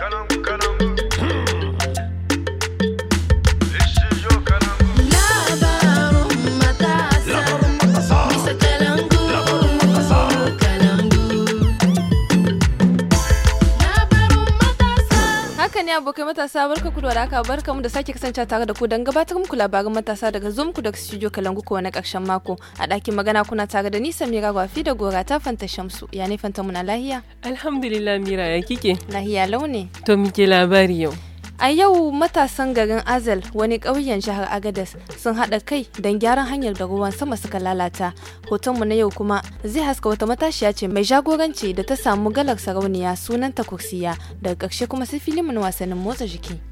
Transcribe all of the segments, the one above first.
Tell on. ne abokai matasa barka ku da waraka barka mu da sake kasance tare da ku don gabatar muku labarin matasa daga zoom ku da studio kalangu ko na karshen mako a ɗakin magana kuna tare da ni samira gwafi da gora ta fanta shamsu ya ne fanta muna lahiya alhamdulillah mira ya kike lahiya launi to muke labari yau A yau matasan garin Azal wani ƙauyen jihar agadas sun haɗa kai don gyaran hanyar da ruwan sama suka lalata. Hotonmu na yau kuma zai haska wata matashiya ce mai jagoranci da ta samu galar sarauniya sunanta kursiya daga ƙarshe kuma sai filimin wasannin motsa jiki.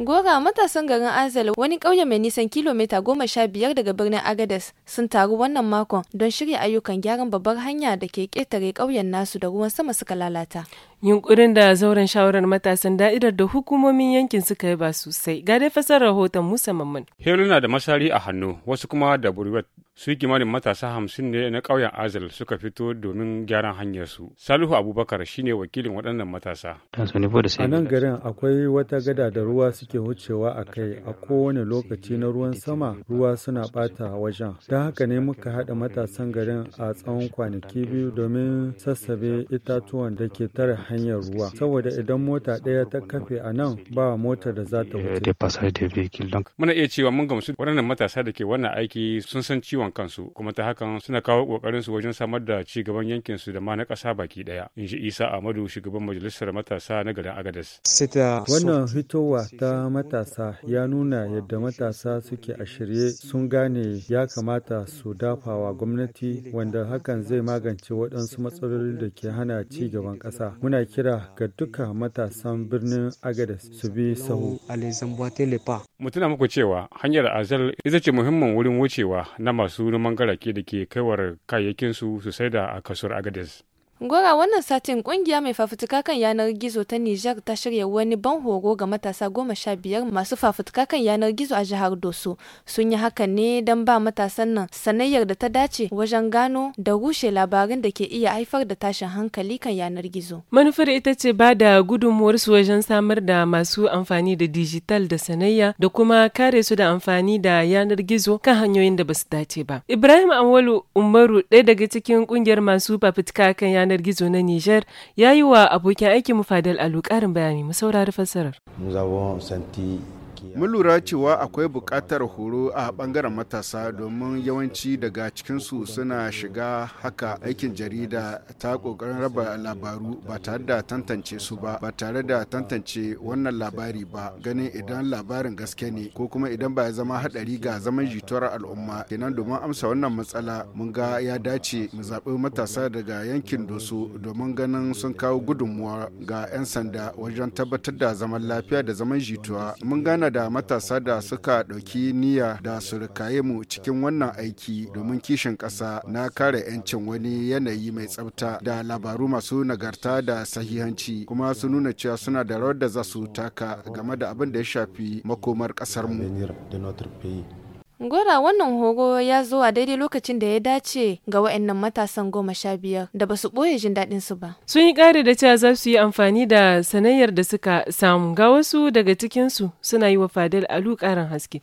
Gora matasan garin Azal wani ƙauye mai nisan kilomita goma sha biyar daga birnin Agadez sun taru wannan makon don shirya ayyukan gyaran babbar hanya da ke ƙetare ƙauyen nasu da ruwan sama suka lalata. Yunkurin da zauren shawarar matasan da'idar da hukumomin yankin suka yi ba sosai. Ga dai fasar rahoton Musa Mamman. Heluna da mashari a hannu, wasu kuma da burwet. Su kimanin matasa hamsin ne na ƙauyen Azal suka fito domin gyaran hanyar su. Salihu Abubakar shine wakilin waɗannan matasa. A nan garin akwai wata gada da ruwa suke wucewa a kai a kowane lokaci na ruwan sama ruwa suna ɓata wajen. Don haka ne muka haɗa matasan garin a tsawon kwanaki biyu domin sassabe itatuwan da ke tare hanyar ruwa saboda idan mota ɗaya ta kafe a nan ba motar da za ta wuce. Muna iya cewa mun gamsu waɗannan matasa da ke wannan aiki sun san ciwon kansu kuma ta hakan suna kawo ƙoƙarin su wajen samar da ci gaban yankin su da ma na ƙasa baki ɗaya. In ji Isa Ahmadu shugaban majalisar matasa na garin agadas. Wannan fitowa ta matasa ya nuna yadda matasa suke a shirye sun gane ya kamata su dafawa gwamnati wanda hakan zai magance waɗansu matsalolin da ke hana ci gaban ƙasa. Muna ana kira ga duka matasan birnin Agadez su bi sahu. Mu tuna muku cewa hanyar Azal ita ce muhimmin wurin wucewa na masu noman garake da ke kaiwar kayayyakinsu su saida a kasuwar Agadez. Gora wannan satin kungiya mai fafutuka kan yanar gizo ta Nijar ta shirya wani ban horo ga matasa goma sha biyar masu fafutuka kan yanar gizo a jihar Doso. Sun yi haka ne don ba matasan nan sanayyar da ta dace wajen gano da rushe labarin da ke iya haifar da tashin hankali kan yanar gizo. Manufar ita ce ba da gudunmuwar su wajen samar da masu amfani da dijital da sanayya da kuma kare su da amfani da yanar gizo kan hanyoyin da ba su dace ba. Ibrahim Awolu Umaru ɗaya daga cikin kungiyar masu fafutuka kan yanar yanar gizo na Nijar, ya yi wa abokin aikin mu Fadal Alu ƙarin bayani mu saurari fassarar. Nous Mun lura cewa akwai buƙatar horo a ɓangaren matasa domin yawanci daga cikinsu suna shiga haka aikin jarida ta ƙoƙarin raba labaru ba tare da tantance su ba, ba tare da tantance wannan labari ba, ganin idan labarin gaske ne ko kuma idan ba ya zama haɗari ga zaman jituwar al'umma. Kenan domin amsa wannan matsala mun ga ya dace mu zaɓi matasa daga yankin Doso domin ganin sun kawo gudunmuwa ga 'yan sanda wajen tabbatar da zaman lafiya da zaman jituwa. Mun gana da matasa da suka ɗauki niyya da su rikaye mu cikin wannan aiki domin kishin ƙasa na kare 'yancin wani yanayi mai tsafta da labaru masu nagarta da sahihanci kuma su nuna cewa suna da rawar da za su taka game da abin da ya shafi makomar ƙasarmu. Gora wannan hogo ya zo a daidai lokacin da ya dace ga wa'annan matasan goma sha biyar da ba su ɓoye jin daɗin su ba. Sun yi ƙari da cewa za su yi amfani da sanayyar da suka samu ga wasu daga cikinsu suna yi wa Fadel Alu ƙarin haske.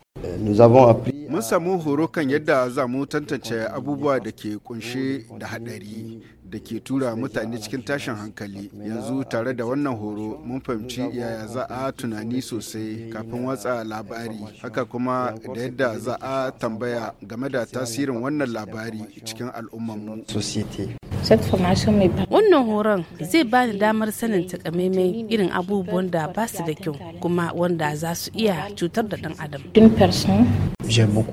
Mun samu horo kan yadda za mu tantance abubuwa da ke kunshe da haɗari da ke tura mutane cikin tashin hankali yanzu tare da wannan horo mun fahimci yaya za a tunani sosai kafin watsa labari haka kuma da yadda za a a tambaya game da tasirin wannan labari cikin al'ummarmu. Wannan horon zai ba ni damar sanin takamaimai irin abubuwan da ba su da kyau kuma wanda za su iya cutar da ɗan adam.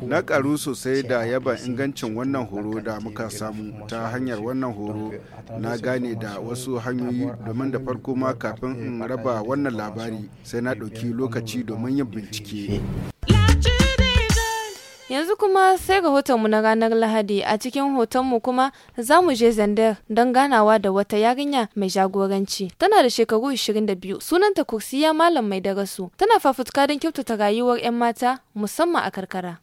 Na karu sosai da yaba ingancin wannan horo da muka samu ta hanyar wannan horo na gane da wasu hanyoyi domin da farko ma kafin in raba wannan labari sai na ɗauki lokaci domin yin bincike. Yanzu kuma sai ga hotonmu na ranar Lahadi a cikin hotonmu kuma za mu je zander don ganawa da wata yarinya mai jagoranci. Tana da shekaru 22, sunanta Kursiya Malam Mai Darasu. Tana fafutuka don kyautata rayuwar 'yan mata musamman a karkara.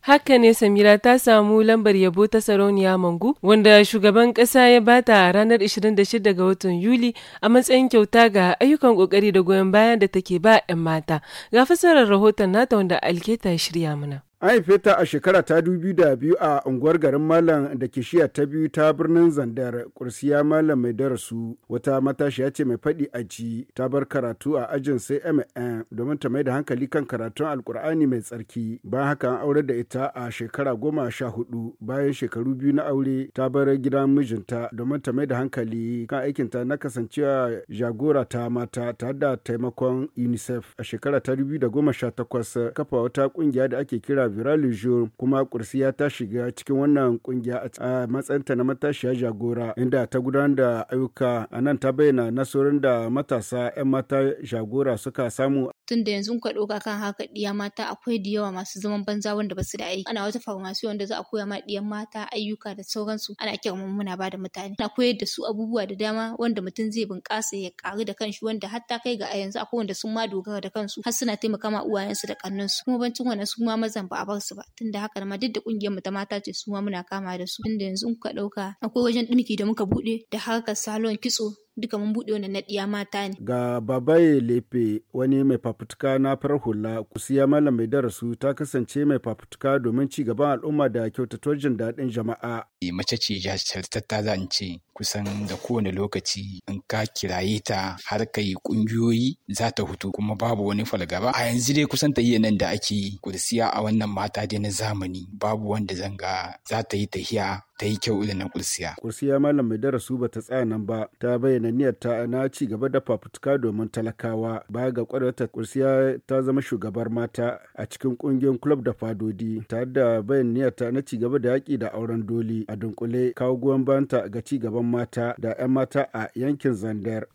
Haka ne Samira ta samu lambar yabo ta Sarauniya Mangu wanda shugaban kasa ya bata a ranar 26 ga watan Yuli a matsayin kyauta ga ayyukan kokari da goyon bayan da take ba 'yan mata. Ga fasarar rahoton nata wanda Alketa ya shirya mana. An haife ta a shekara ta biyu a unguwar garin Malam da ke shiya ta biyu ta birnin Zandar, kursiya Malam mai darasu wata matashiya ce mai faɗi a ji ta bar karatu a ajin sai MN domin ta mai da hankali kan karatun Alkur'ani mai tsarki. Bayan haka an aure da ita a shekara goma sha hudu bayan shekaru biyu na aure ta bar gidan mijinta domin ta mai da hankali kan aikinta na kasancewa jagora ta mata tare da taimakon UNICEF a shekara ta takwas kafa wata kungiya da ake kira viral kuma kursiya ta shiga cikin wannan kungiya a matsayinta na matashiya jagora inda ta gudanar da ayyuka a nan ta bayyana nasorin da matasa 'yan mata jagora suka samu tunda yanzu ka ɗauka kan haka ɗiya mata akwai da yawa masu zaman banza wanda basu da aiki ana wata farmasi wanda za a koya ma ɗiyan mata ayyuka da sauransu ana kira muna ba da mutane ana koyar da su abubuwa da dama wanda mutum zai bunƙasa ya ƙaru da kanshi wanda hatta kai ga a yanzu akwai wanda sun ma dogara da kansu har suna taimaka ma uwayensu da kannansu kuma bancin wannan su ma mazan ba a bar su ba tunda haka ma duk da ƙungiyarmu mu ta mata ce su ma muna kama da su tunda yanzu ka ɗauka akwai wajen ɗinki da muka buɗe da harkar salon kitso duka mun buɗe wannan na mata ne. Ga Babaye Lefe wani mai fafutuka na farar hula kusiya malam mai darasu ta kasance mai fafutuka domin ci gaban al'umma da kyautatuwar jin daɗin jama'a. Eh, mace ce jajirtatta za zance kusan da kowane lokaci in ka kiraye ta har ka ƙungiyoyi za ta hutu kuma babu wani falgaba. A yanzu dai kusan ta iya nan da ake kursiya a wannan mata dai na zamani babu wanda zanga za ta yi tahiya ta yi kyau idan na kursiya. Kursiya malam mai darasu ba ta tsaya nan ba ta bayyana niyyar na ci gaba da fafutuka domin talakawa baya ga kwarewata kursiya ta zama shugabar mata a cikin ƙungiyar club da fadodi tare da bayyana niyyar na ci gaba da yaƙi da auren doli a dunkule kawo goyon bayanta ga ci gaban mata da 'yan mata a yankin Zandar.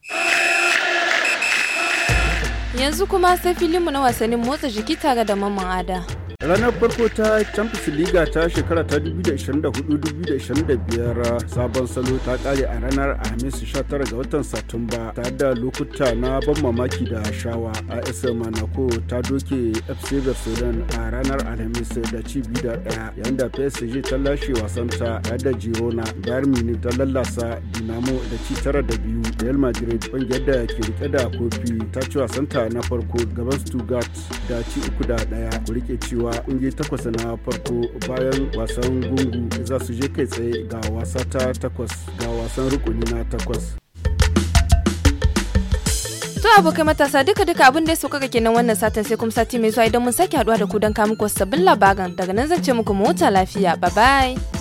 Yanzu kuma sai filinmu na wasannin motsa jiki tare da mamman ada. Ranar farko ta Champions League ta shekara ta 2024-2025 sabon salo ta kare a ranar Alhamis 19 ga watan Satumba tare da lokuta na ban mamaki da shawa. AS Monaco ta doke FC Barcelona a ranar Alhamis da ci biyu da daya yayin da PSG ta lashe wasanta tare da Girona. Bayern Munich ta lallasa Dinamo da ci tara da biyu. Real Madrid ƙungiyar da ke rike da kofi ta ci wasanta na farko gaban Stuttgart da ci uku da daya Ku rike cewa cewa ƙungiyoyi takwas na farko bayan wasan gungu za su je kai tsaye ga wasa ta takwas ga wasan rukuni na takwas To abokai matasa duka duka abin da ya sauka kenan wannan satin sai kuma sati mai zuwa idan mun sake haduwa da ku don kamun sabbin labaran daga nan zan ce muku mota lafiya bye bye